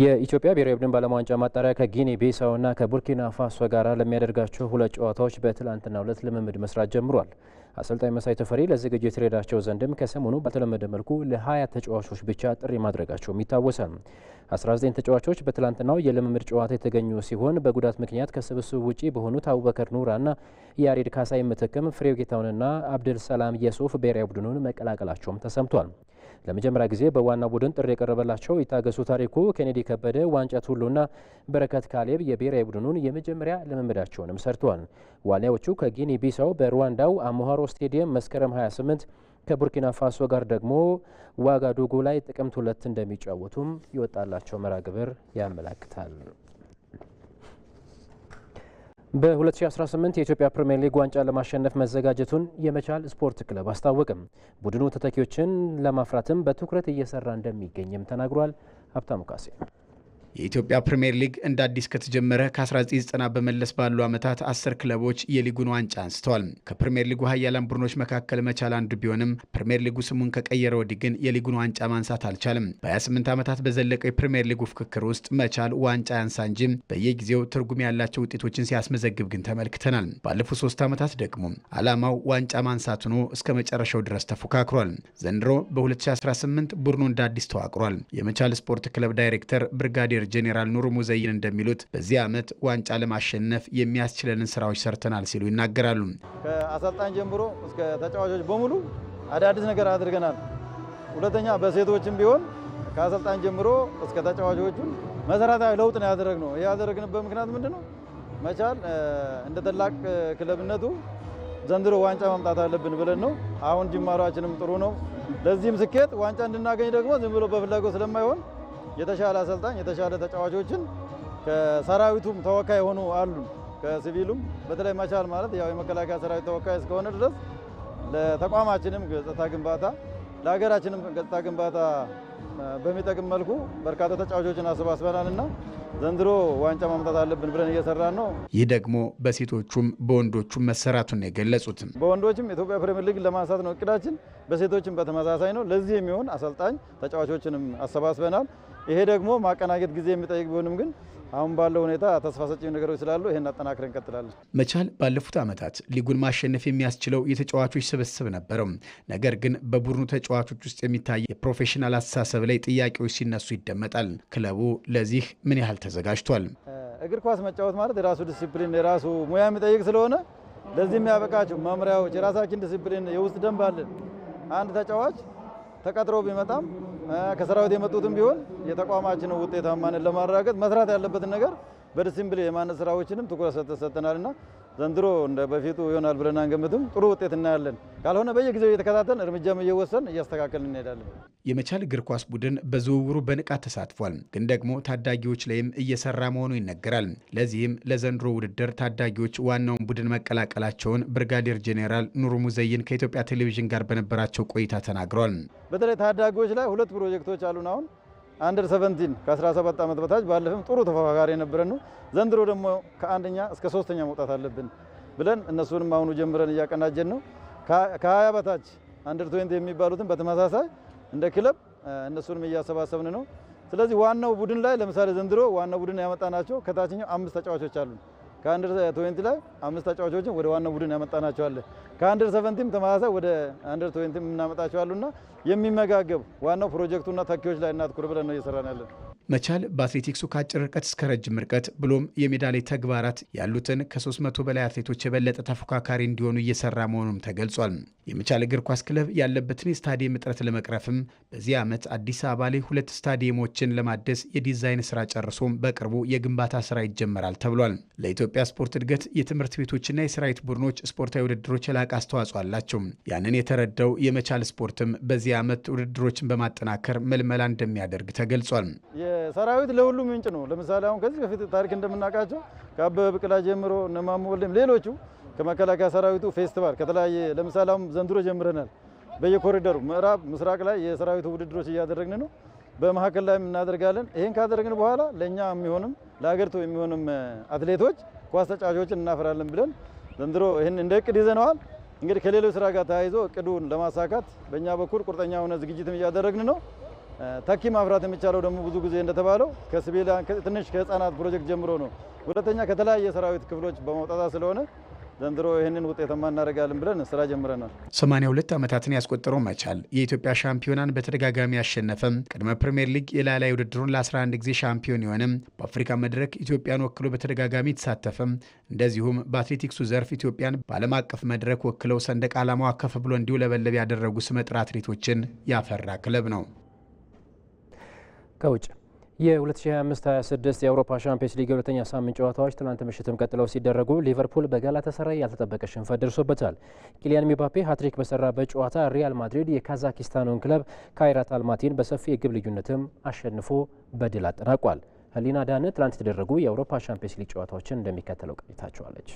የኢትዮጵያ ብሔራዊ ቡድን በዓለም ዋንጫ ማጣሪያ ከጊኒ ቢሳውና ከቡርኪና ፋሶ ጋር ለሚያደርጋቸው ሁለት ጨዋታዎች በትላንትና ሁለት ልምምድ መስራት ጀምሯል። አሰልጣኝ መሳይ ተፈሪ ለዝግጅት ይረዳቸው ዘንድም ከሰሞኑ ባልተለመደ መልኩ ለ20 ተጫዋቾች ብቻ ጥሪ ማድረጋቸውም ይታወሳል። 19 ተጫዋቾች በትላንትናው የልምምድ ጨዋታ የተገኙ ሲሆን በጉዳት ምክንያት ከስብስብ ውጪ በሆኑት አቡበከር ኑራና ያሬድ ካሳይ ምትክም ፍሬው ጌታውንና አብድል ሰላም የሱፍ ብሔራዊ ቡድኑን መቀላቀላቸውም ተሰምቷል። ለመጀመሪያ ጊዜ በዋና ቡድን ጥሪ የቀረበላቸው ይታገሱ ታሪኩ፣ ኬኔዲ ከበደ፣ ዋንጫት ሁሉና በረከት ካሌብ የብሔራዊ ቡድኑን የመጀመሪያ ልምምዳቸውንም ሰርተዋል። ዋሊያዎቹ ከጊኒ ቢሳው በሩዋንዳው አሞሃሮ ስቴዲየም መስከረም 28 ከቡርኪና ፋሶ ጋር ደግሞ ዋጋዱጉ ላይ ጥቅምት ሁለት እንደሚጫወቱም ይወጣላቸው መራግብር ያመላክታል። በ2018 የኢትዮጵያ ፕሪምየር ሊግ ዋንጫ ለማሸነፍ መዘጋጀቱን የመቻል ስፖርት ክለብ አስታወቅም። ቡድኑ ተተኪዎችን ለማፍራትም በትኩረት እየሰራ እንደሚገኝም ተናግሯል። ሀብታሙ ካሴ የኢትዮጵያ ፕሪምየር ሊግ እንደ አዲስ ከተጀመረ ከ1990 በመለስ ባሉ ዓመታት አስር ክለቦች የሊጉን ዋንጫ አንስተዋል። ከፕሪምየር ሊጉ ሀያላን ቡድኖች መካከል መቻል አንዱ ቢሆንም ፕሪምየር ሊጉ ስሙን ከቀየረ ወዲህ ግን የሊጉን ዋንጫ ማንሳት አልቻልም በ በ28 ዓመታት በዘለቀው የፕሪምየር ሊጉ ፍክክር ውስጥ መቻል ዋንጫ ያንሳ እንጂ በየጊዜው ትርጉም ያላቸው ውጤቶችን ሲያስመዘግብ ግን ተመልክተናል። ባለፉት ሶስት ዓመታት ደግሞ ዓላማው ዋንጫ ማንሳት ሆኖ እስከ መጨረሻው ድረስ ተፎካክሯል። ዘንድሮ በ2018 ቡድኑ እንደ አዲስ ተዋቅሯል። የመቻል ስፖርት ክለብ ዳይሬክተር ብርጋዴር ብርጋዴር ጄኔራል ኑር ሙዘይን እንደሚሉት በዚህ ዓመት ዋንጫ ለማሸነፍ የሚያስችለንን ስራዎች ሰርተናል ሲሉ ይናገራሉ። ከአሰልጣኝ ጀምሮ እስከ ተጫዋቾች በሙሉ አዳዲስ ነገር አድርገናል። ሁለተኛ በሴቶችም ቢሆን ከአሰልጣኝ ጀምሮ እስከ ተጫዋቾቹን መሰረታዊ ለውጥ ነው ያደረግነው። ይህ ያደረግንበት ምክንያት ምንድን ነው? መቻል እንደ ታላቅ ክለብነቱ ዘንድሮ ዋንጫ ማምጣት አለብን ብለን ነው። አሁን ጅማሯችንም ጥሩ ነው። ለዚህም ስኬት ዋንጫ እንድናገኝ ደግሞ ዝም ብሎ በፍላጎት ስለማይሆን የተሻለ አሰልጣኝ የተሻለ ተጫዋቾችን ከሰራዊቱም ተወካይ የሆኑ አሉ። ከሲቪሉም በተለይ መቻል ማለት ያው የመከላከያ ሰራዊት ተወካይ እስከሆነ ድረስ ለተቋማችንም ገጽታ ግንባታ ለሀገራችንም ገጽታ ግንባታ በሚጠቅም መልኩ በርካታ ተጫዋቾችን አሰባስበናል እና ዘንድሮ ዋንጫ ማምጣት አለብን ብለን እየሰራን ነው። ይህ ደግሞ በሴቶቹም በወንዶቹም መሰራቱን የገለጹትም በወንዶችም የኢትዮጵያ ፕሪምየር ሊግ ለማንሳት ነው እቅዳችን፣ በሴቶችም በተመሳሳይ ነው። ለዚህ የሚሆን አሰልጣኝ ተጫዋቾችንም አሰባስበናል። ይሄ ደግሞ ማቀናጀት ጊዜ የሚጠይቅ ቢሆንም ግን አሁን ባለው ሁኔታ ተስፋ ሰጪ ነገሮች ስላሉ ይህን አጠናክረን እንቀጥላለን። መቻል ባለፉት ዓመታት ሊጉን ማሸነፍ የሚያስችለው የተጫዋቾች ስብስብ ነበረው። ነገር ግን በቡድኑ ተጫዋቾች ውስጥ የሚታይ የፕሮፌሽናል አስተሳሰብ ላይ ጥያቄዎች ሲነሱ ይደመጣል። ክለቡ ለዚህ ምን ያህል ተዘጋጅቷል? እግር ኳስ መጫወት ማለት የራሱ ዲሲፕሊን፣ የራሱ ሙያ የሚጠይቅ ስለሆነ ለዚህ የሚያበቃቸው መምሪያዎች፣ የራሳችን ዲሲፕሊን፣ የውስጥ ደንብ አለን። አንድ ተጫዋች ተቀጥሮ ቢመጣም ከሰራዊት የመጡትም ቢሆን የተቋማችንን ውጤታማነት ለማረጋገጥ መስራት ያለበትን ነገር በዲሲፕሊን የማነጽ ስራዎችንም ትኩረት ሰጥተናልና ዘንድሮ እንደ በፊቱ ይሆናል ብለን አንገምትም። ጥሩ ውጤት እናያለን። ካልሆነ በየጊዜው እየተከታተል እርምጃም እየወሰን እያስተካከልን እንሄዳለን። የመቻል እግር ኳስ ቡድን በዝውውሩ በንቃት ተሳትፏል፣ ግን ደግሞ ታዳጊዎች ላይም እየሰራ መሆኑ ይነገራል። ለዚህም ለዘንድሮ ውድድር ታዳጊዎች ዋናውን ቡድን መቀላቀላቸውን ብርጋዴር ጄኔራል ኑሩ ሙዘይን ከኢትዮጵያ ቴሌቪዥን ጋር በነበራቸው ቆይታ ተናግረዋል። በተለይ ታዳጊዎች ላይ ሁለት ፕሮጀክቶች አሉን አሁን አንደር 17 ከ17 ዓመት በታች ባለፈም ጥሩ ተፎካካሪ የነበረን ነው። ዘንድሮ ደግሞ ከአንደኛ እስከ ሶስተኛ መውጣት አለብን ብለን እነሱንም አሁኑ ጀምረን እያቀናጀን ነው። ከ20 በታች አንደር 20 የሚባሉትን በተመሳሳይ እንደ ክለብ እነሱንም እያሰባሰብን ነው። ስለዚህ ዋናው ቡድን ላይ ለምሳሌ ዘንድሮ ዋናው ቡድን ያመጣናቸው ከታችኛው አምስት ተጫዋቾች አሉ። ከአንደር ትዌንቲ ላይ አምስት ተጫዋቾችን ወደ ዋናው ቡድን ያመጣናቸዋለን። ከአንደር ሰቨንቲም ተመሳሳይ ወደ አንደር ትዌንቲም እናመጣቸዋሉና የሚመጋገብ ዋናው ፕሮጀክቱና ተኪዎች ላይ እናትኩር ብለን ነው እየሰራን ያለን። መቻል በአትሌቲክሱ ከአጭር ርቀት እስከ ረጅም ርቀት ብሎም የሜዳ ላይ ተግባራት ያሉትን ከ300 በላይ አትሌቶች የበለጠ ተፎካካሪ እንዲሆኑ እየሰራ መሆኑም ተገልጿል። የመቻል እግር ኳስ ክለብ ያለበትን የስታዲየም እጥረት ለመቅረፍም በዚህ ዓመት አዲስ አበባ ላይ ሁለት ስታዲየሞችን ለማደስ የዲዛይን ስራ ጨርሶም በቅርቡ የግንባታ ስራ ይጀመራል ተብሏል። ለኢትዮጵያ ስፖርት እድገት የትምህርት ቤቶችና የሰራዊት ቡድኖች ስፖርታዊ ውድድሮች የላቀ አስተዋጽኦ አላቸው። ያንን የተረዳው የመቻል ስፖርትም በዚህ ዓመት ውድድሮችን በማጠናከር መልመላ እንደሚያደርግ ተገልጿል። ሰራዊት ለሁሉም ምንጭ ነው። ለምሳሌ አሁን ከዚህ በፊት ታሪክ እንደምናውቃቸው ከአበበ ቢቂላ ጀምሮ እነ ማሞ ወልዴም ሌሎቹ ከመከላከያ ሰራዊቱ ፌስቲቫል ከተለያየ ለምሳሌ አሁን ዘንድሮ ጀምረናል። በየኮሪደሩ ምዕራብ፣ ምስራቅ ላይ የሰራዊቱ ውድድሮች እያደረግን ነው። በመካከል ላይም እናደርጋለን። ይህን ካደረግን በኋላ ለእኛ የሚሆንም ለሀገሪቱ የሚሆንም አትሌቶች ኳስ ተጫዋቾችን እናፈራለን ብለን ዘንድሮ ይህን እንደ እቅድ ይዘነዋል። እንግዲህ ከሌሎች ስራ ጋር ተያይዞ እቅዱን ለማሳካት በእኛ በኩል ቁርጠኛ የሆነ ዝግጅትም እያደረግን ነው። ተኪ ማፍራት የሚቻለው ደግሞ ብዙ ጊዜ እንደተባለው ከሲቪሊያን ትንሽ ከህፃናት ፕሮጀክት ጀምሮ ነው። ሁለተኛ ከተለያየ ሰራዊት ክፍሎች በመውጣታ ስለሆነ ዘንድሮ ይህንን ውጤታማ እናደርጋለን ብለን ስራ ጀምረናል። 82 ዓመታትን ያስቆጠረው መቻል የኢትዮጵያ ሻምፒዮናን በተደጋጋሚ ያሸነፈም ቅድመ ፕሪምየር ሊግ የላላይ ውድድሩን ለ11 ጊዜ ሻምፒዮን የሆነም በአፍሪካ መድረክ ኢትዮጵያን ወክሎ በተደጋጋሚ የተሳተፈም እንደዚሁም በአትሌቲክሱ ዘርፍ ኢትዮጵያን በዓለም አቀፍ መድረክ ወክለው ሰንደቅ ዓላማው ከፍ ብሎ እንዲውለበለብ ያደረጉ ስመጥር አትሌቶችን ያፈራ ክለብ ነው። ከውጭ የ2025/26 የአውሮፓ ሻምፒየንስ ሊግ የሁለተኛ ሳምንት ጨዋታዎች ትናንት ምሽትም ቀጥለው ሲደረጉ ሊቨርፑል በጋላታሳራይ ያልተጠበቀ ሽንፈት ደርሶበታል። ኪሊያን ሚባፔ ሀትሪክ በሰራበት ጨዋታ ሪያል ማድሪድ የካዛኪስታኑን ክለብ ካይራት አልማቲን በሰፊ የግብ ልዩነትም አሸንፎ በድል አጠናቋል። ህሊና ዳነ ትናንት የተደረጉ የአውሮፓ ሻምፒየንስ ሊግ ጨዋታዎችን እንደሚከተለው ቀኝታቸዋለች።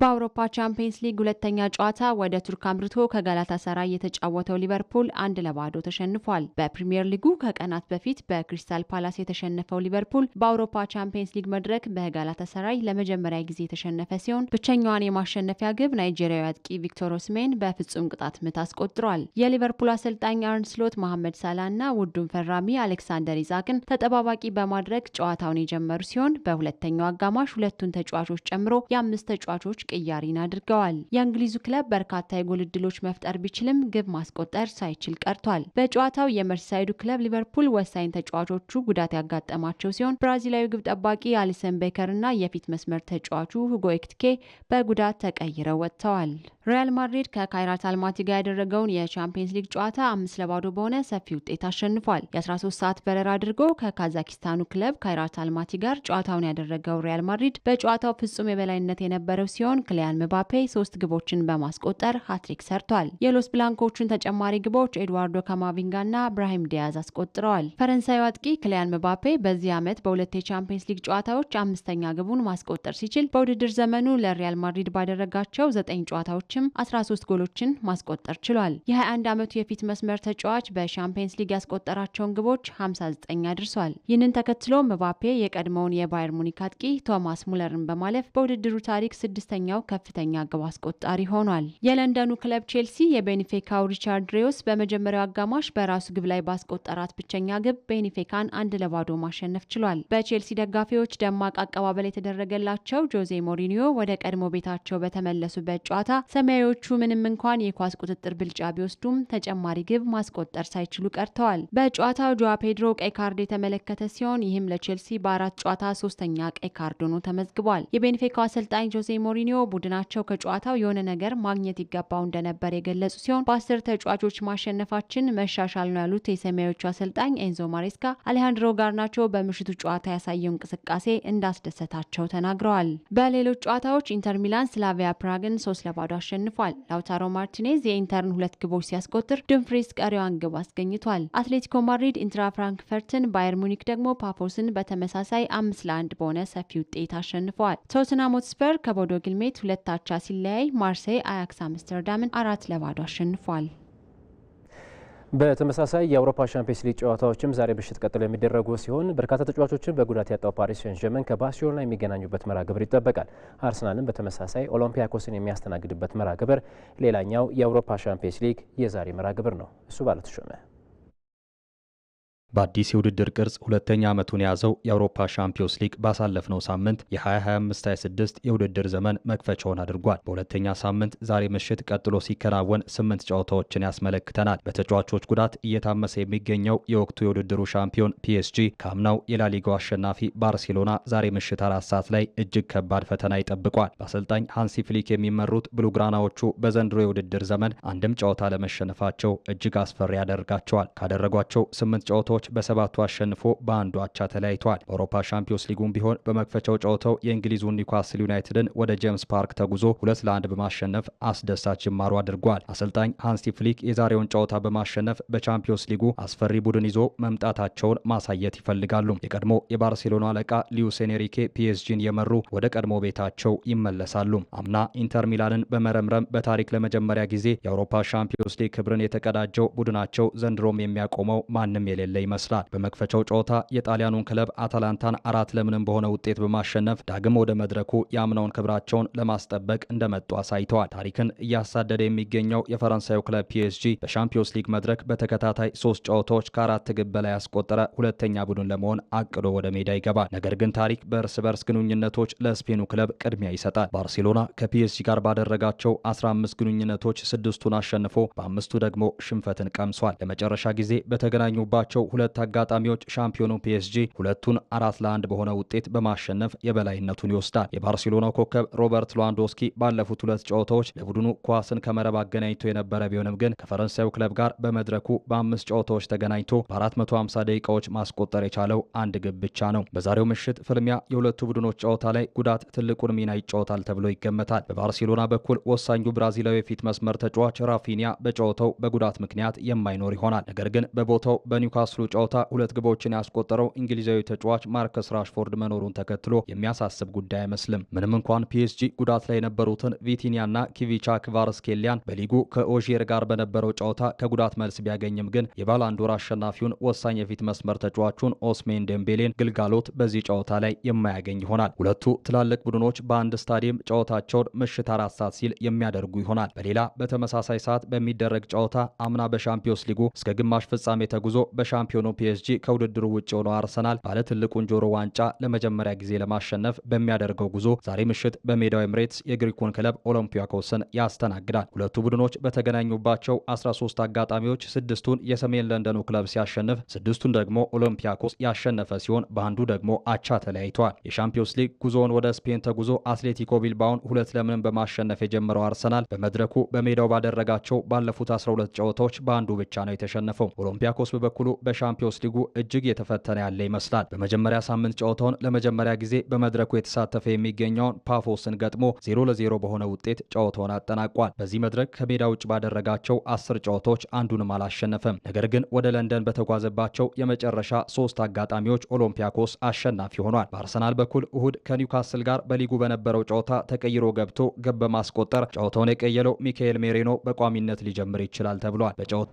በአውሮፓ ቻምፒየንስ ሊግ ሁለተኛ ጨዋታ ወደ ቱርክ አምርቶ ከጋላታ ሰራይ የተጫወተው ሊቨርፑል አንድ ለባዶ ተሸንፏል። በፕሪምየር ሊጉ ከቀናት በፊት በክሪስታል ፓላስ የተሸነፈው ሊቨርፑል በአውሮፓ ቻምፒየንስ ሊግ መድረክ በጋላታ ሰራይ ለመጀመሪያ ጊዜ የተሸነፈ ሲሆን ብቸኛዋን የማሸነፊያ ግብ ናይጄሪያዊ አጥቂ ቪክቶር ኦስሜን በፍጹም ቅጣት ምት አስቆጥሯል። የሊቨርፑል አሰልጣኝ አርን ስሎት መሐመድ ሳላ እና ውዱን ፈራሚ አሌክሳንደር ኢዛቅን ተጠባባቂ በማድረግ ጨዋታውን የጀመሩ ሲሆን በሁለተኛው አጋማሽ ሁለቱን ተጫዋቾች ጨምሮ የአምስት ተጫዋቾች ቅያሪን አድርገዋል። የእንግሊዙ ክለብ በርካታ የጎል እድሎች መፍጠር ቢችልም ግብ ማስቆጠር ሳይችል ቀርቷል። በጨዋታው የመርሳይዱ ክለብ ሊቨርፑል ወሳኝ ተጫዋቾቹ ጉዳት ያጋጠማቸው ሲሆን ብራዚላዊ ግብ ጠባቂ አሊሰን ቤከር እና የፊት መስመር ተጫዋቹ ሁጎ ኤክትኬ በጉዳት ተቀይረው ወጥተዋል። ሪያል ማድሪድ ከካይራት አልማቲ ጋር ያደረገውን የቻምፒየንስ ሊግ ጨዋታ አምስት ለባዶ በሆነ ሰፊ ውጤት አሸንፏል። የ13 ሰዓት በረራ አድርጎ ከካዛኪስታኑ ክለብ ካይራት አልማቲ ጋር ጨዋታውን ያደረገው ሪያል ማድሪድ በጨዋታው ፍጹም የበላይነት የነበረው ሲሆን ክሊያን ምባፔ ሶስት ግቦችን በማስቆጠር ሃትሪክ ሰርቷል። የሎስ ብላንኮቹን ተጨማሪ ግቦች ኤድዋርዶ ካማቪንጋና ብራሂም ዲያዝ አስቆጥረዋል። ፈረንሳዩ አጥቂ ክሊያን ምባፔ በዚህ ዓመት በሁለት የቻምፒየንስ ሊግ ጨዋታዎች አምስተኛ ግቡን ማስቆጠር ሲችል በውድድር ዘመኑ ለሪያል ማድሪድ ባደረጋቸው ዘጠኝ ጨዋታዎች በመግባቶችም 13 ጎሎችን ማስቆጠር ችሏል። የ21 ዓመቱ የፊት መስመር ተጫዋች በሻምፒየንስ ሊግ ያስቆጠራቸውን ግቦች 59 አድርሷል። ይህንን ተከትሎ መባፔ የቀድሞውን የባየር ሙኒክ አጥቂ ቶማስ ሙለርን በማለፍ በውድድሩ ታሪክ ስድስተኛው ከፍተኛ ግብ አስቆጣሪ ሆኗል። የለንደኑ ክለብ ቼልሲ የቤኒፌካው ሪቻርድ ሬዮስ በመጀመሪያው አጋማሽ በራሱ ግብ ላይ ባስቆጠራት ብቸኛ ግብ ቤኒፌካን አንድ ለባዶ ማሸነፍ ችሏል። በቼልሲ ደጋፊዎች ደማቅ አቀባበል የተደረገላቸው ጆዜ ሞሪኒዮ ወደ ቀድሞ ቤታቸው በተመለሱበት ጨዋታ ሰማያዊዎቹ ምንም እንኳን የኳስ ቁጥጥር ብልጫ ቢወስዱም ተጨማሪ ግብ ማስቆጠር ሳይችሉ ቀርተዋል። በጨዋታው ጆዋ ፔድሮ ቀይ ካርድ የተመለከተ ሲሆን ይህም ለቼልሲ በአራት ጨዋታ ሶስተኛ ቀይ ካርድ ሆኖ ተመዝግቧል። የቤንፊካው አሰልጣኝ ጆሴ ሞሪኒዮ ቡድናቸው ከጨዋታው የሆነ ነገር ማግኘት ይገባው እንደነበር የገለጹ ሲሆን በአስር ተጫዋቾች ማሸነፋችን መሻሻል ነው ያሉት የሰማያዎቹ አሰልጣኝ ኤንዞ ማሬስካ አሌሃንድሮ ጋርናቾ በምሽቱ ጨዋታ ያሳየው እንቅስቃሴ እንዳስደሰታቸው ተናግረዋል። በሌሎች ጨዋታዎች ኢንተር ሚላን ስላቪያ ፕራግን ሶስት ለባዶ አሸንፏል። ላውታሮ ማርቲኔዝ የኢንተርን ሁለት ግቦች ሲያስቆጥር ድንፍሪስ ቀሪዋን ግብ አስገኝቷል። አትሌቲኮ ማድሪድ ኢንትራ ፍራንክፈርትን፣ ባየር ሙኒክ ደግሞ ፓፎስን በተመሳሳይ አምስት ለአንድ በሆነ ሰፊ ውጤት አሸንፈዋል። ቶትንሃም ሆትስፐር ከቦዶ ግልሜት ሁለት አቻ ሲለያይ ማርሴይ አያክስ አምስተርዳምን አራት ለባዶ አሸንፏል። በተመሳሳይ የአውሮፓ ሻምፒየንስ ሊግ ጨዋታዎችም ዛሬ ምሽት ቀጥለው የሚደረጉ ሲሆን በርካታ ተጫዋቾችን በጉዳት ያጣው ፓሪስ ሴን ዠርመን ከባርሴሎና የሚገናኙበት መርሃ ግብር ይጠበቃል። አርሰናልም በተመሳሳይ ኦሎምፒያኮስን የሚያስተናግድበት መርሃ ግብር ሌላኛው የአውሮፓ ሻምፒየንስ ሊግ የዛሬ መርሃ ግብር ነው። እሱ ባለተሾመ በአዲስ የውድድር ቅርጽ ሁለተኛ ዓመቱን የያዘው የአውሮፓ ሻምፒዮንስ ሊግ ባሳለፍነው ሳምንት የ2025/26 የውድድር ዘመን መክፈቻውን አድርጓል። በሁለተኛ ሳምንት ዛሬ ምሽት ቀጥሎ ሲከናወን ስምንት ጨዋታዎችን ያስመለክተናል። በተጫዋቾች ጉዳት እየታመሰ የሚገኘው የወቅቱ የውድድሩ ሻምፒዮን ፒኤስጂ ከአምናው የላሊጋው አሸናፊ ባርሴሎና ዛሬ ምሽት አራት ሰዓት ላይ እጅግ ከባድ ፈተና ይጠብቋል። በአሰልጣኝ ሃንሲ ፍሊክ የሚመሩት ብሉግራናዎቹ በዘንድሮ የውድድር ዘመን አንድም ጨዋታ ለመሸነፋቸው እጅግ አስፈሪ ያደርጋቸዋል። ካደረጓቸው ስምንት ጨዋታዎች ጨዋታዎች በሰባቱ አሸንፎ በአንዱ አቻ ተለያይተዋል። በአውሮፓ ሻምፒዮንስ ሊጉም ቢሆን በመክፈቻው ጨዋታው የእንግሊዙ ኒውካስል ዩናይትድን ወደ ጄምስ ፓርክ ተጉዞ ሁለት ለአንድ በማሸነፍ አስደሳች ጅማሩ አድርጓል። አሰልጣኝ ሃንሲ ፍሊክ የዛሬውን ጨዋታ በማሸነፍ በቻምፒዮንስ ሊጉ አስፈሪ ቡድን ይዞ መምጣታቸውን ማሳየት ይፈልጋሉ። የቀድሞ የባርሴሎና አለቃ ሉዊስ ኤንሪኬ ፒኤስጂን የመሩ ወደ ቀድሞ ቤታቸው ይመለሳሉ። አምና ኢንተር ሚላንን በመረምረም በታሪክ ለመጀመሪያ ጊዜ የአውሮፓ ሻምፒዮንስ ሊግ ክብርን የተቀዳጀው ቡድናቸው ዘንድሮም የሚያቆመው ማንም የሌለ ይመስላል። ይመስላል። በመክፈቻው ጨዋታ የጣሊያኑን ክለብ አታላንታን አራት ለምንም በሆነ ውጤት በማሸነፍ ዳግም ወደ መድረኩ የአምናውን ክብራቸውን ለማስጠበቅ እንደመጡ አሳይተዋል። ታሪክን እያሳደደ የሚገኘው የፈረንሳዩ ክለብ ፒኤስጂ በሻምፒዮንስ ሊግ መድረክ በተከታታይ ሶስት ጨዋታዎች ከአራት ግብ በላይ ያስቆጠረ ሁለተኛ ቡድን ለመሆን አቅዶ ወደ ሜዳ ይገባል። ነገር ግን ታሪክ በእርስ በርስ ግንኙነቶች ለስፔኑ ክለብ ቅድሚያ ይሰጣል። ባርሴሎና ከፒኤስጂ ጋር ባደረጋቸው 15 ግንኙነቶች ስድስቱን አሸንፎ በአምስቱ ደግሞ ሽንፈትን ቀምሷል። ለመጨረሻ ጊዜ በተገናኙባቸው ሁለት አጋጣሚዎች ሻምፒዮኑ ፒኤስጂ ሁለቱን አራት ለአንድ በሆነ ውጤት በማሸነፍ የበላይነቱን ይወስዳል። የባርሴሎናው ኮከብ ሮበርት ሉዋንዶስኪ ባለፉት ሁለት ጨዋታዎች ለቡድኑ ኳስን ከመረብ አገናኝቶ የነበረ ቢሆንም ግን ከፈረንሳዩ ክለብ ጋር በመድረኩ በአምስት ጨዋታዎች ተገናኝቶ በ450 ደቂቃዎች ማስቆጠር የቻለው አንድ ግብ ብቻ ነው። በዛሬው ምሽት ፍልሚያ የሁለቱ ቡድኖች ጨዋታ ላይ ጉዳት ትልቁን ሚና ይጫወታል ተብሎ ይገመታል። በባርሴሎና በኩል ወሳኙ ብራዚላዊ የፊት መስመር ተጫዋች ራፊኒያ በጨዋታው በጉዳት ምክንያት የማይኖር ይሆናል። ነገር ግን በቦታው በኒውካስሉ በትናንቱ ጨዋታ ሁለት ግቦችን ያስቆጠረው እንግሊዛዊ ተጫዋች ማርከስ ራሽፎርድ መኖሩን ተከትሎ የሚያሳስብ ጉዳይ አይመስልም። ምንም እንኳን ፒኤስጂ ጉዳት ላይ የነበሩትን ቪቲኒያና ኪቪቻ ክቫርስኬሊያን በሊጉ ከኦዥር ጋር በነበረው ጨዋታ ከጉዳት መልስ ቢያገኝም ግን የባላንዶር አሸናፊውን ወሳኝ የፊት መስመር ተጫዋቹን ኦስሜን ደምቤሌን ግልጋሎት በዚህ ጨዋታ ላይ የማያገኝ ይሆናል። ሁለቱ ትላልቅ ቡድኖች በአንድ ስታዲየም ጨዋታቸውን ምሽት አራት ሰዓት ሲል የሚያደርጉ ይሆናል። በሌላ በተመሳሳይ ሰዓት በሚደረግ ጨዋታ አምና በሻምፒዮንስ ሊጉ እስከ ግማሽ ፍጻሜ ተጉዞ በሻምፒ የሆነው ፒኤስጂ ከውድድሩ ውጭ የሆነው አርሰናል ባለ ትልቁን ጆሮ ዋንጫ ለመጀመሪያ ጊዜ ለማሸነፍ በሚያደርገው ጉዞ ዛሬ ምሽት በሜዳው ኤምሬትስ የግሪኩን ክለብ ኦሎምፒያኮስን ያስተናግዳል። ሁለቱ ቡድኖች በተገናኙባቸው 13 አጋጣሚዎች ስድስቱን የሰሜን ለንደኑ ክለብ ሲያሸንፍ፣ ስድስቱን ደግሞ ኦሎምፒያኮስ ያሸነፈ ሲሆን በአንዱ ደግሞ አቻ ተለያይተዋል። የሻምፒዮንስ ሊግ ጉዞውን ወደ ስፔን ተጉዞ አትሌቲኮ ቢልባውን ሁለት ለምንም በማሸነፍ የጀመረው አርሰናል በመድረኩ በሜዳው ባደረጋቸው ባለፉት 12 ጨዋታዎች በአንዱ ብቻ ነው የተሸነፈው። ኦሎምፒያኮስ በበኩሉ በሻ በሻምፒዮንስ ሊጉ እጅግ የተፈተነ ያለ ይመስላል። በመጀመሪያ ሳምንት ጨዋታውን ለመጀመሪያ ጊዜ በመድረኩ የተሳተፈ የሚገኘውን ፓፎስን ገጥሞ ዜሮ ለዜሮ በሆነ ውጤት ጨዋታውን አጠናቋል። በዚህ መድረክ ከሜዳ ውጭ ባደረጋቸው አስር ጨዋታዎች አንዱንም አላሸነፈም። ነገር ግን ወደ ለንደን በተጓዘባቸው የመጨረሻ ሶስት አጋጣሚዎች ኦሎምፒያኮስ አሸናፊ ሆኗል። በአርሰናል በኩል እሁድ ከኒውካስል ጋር በሊጉ በነበረው ጨዋታ ተቀይሮ ገብቶ ገብ በማስቆጠር ጨዋታውን የቀየለው ሚካኤል ሜሬኖ በቋሚነት ሊጀምር ይችላል ተብሏል።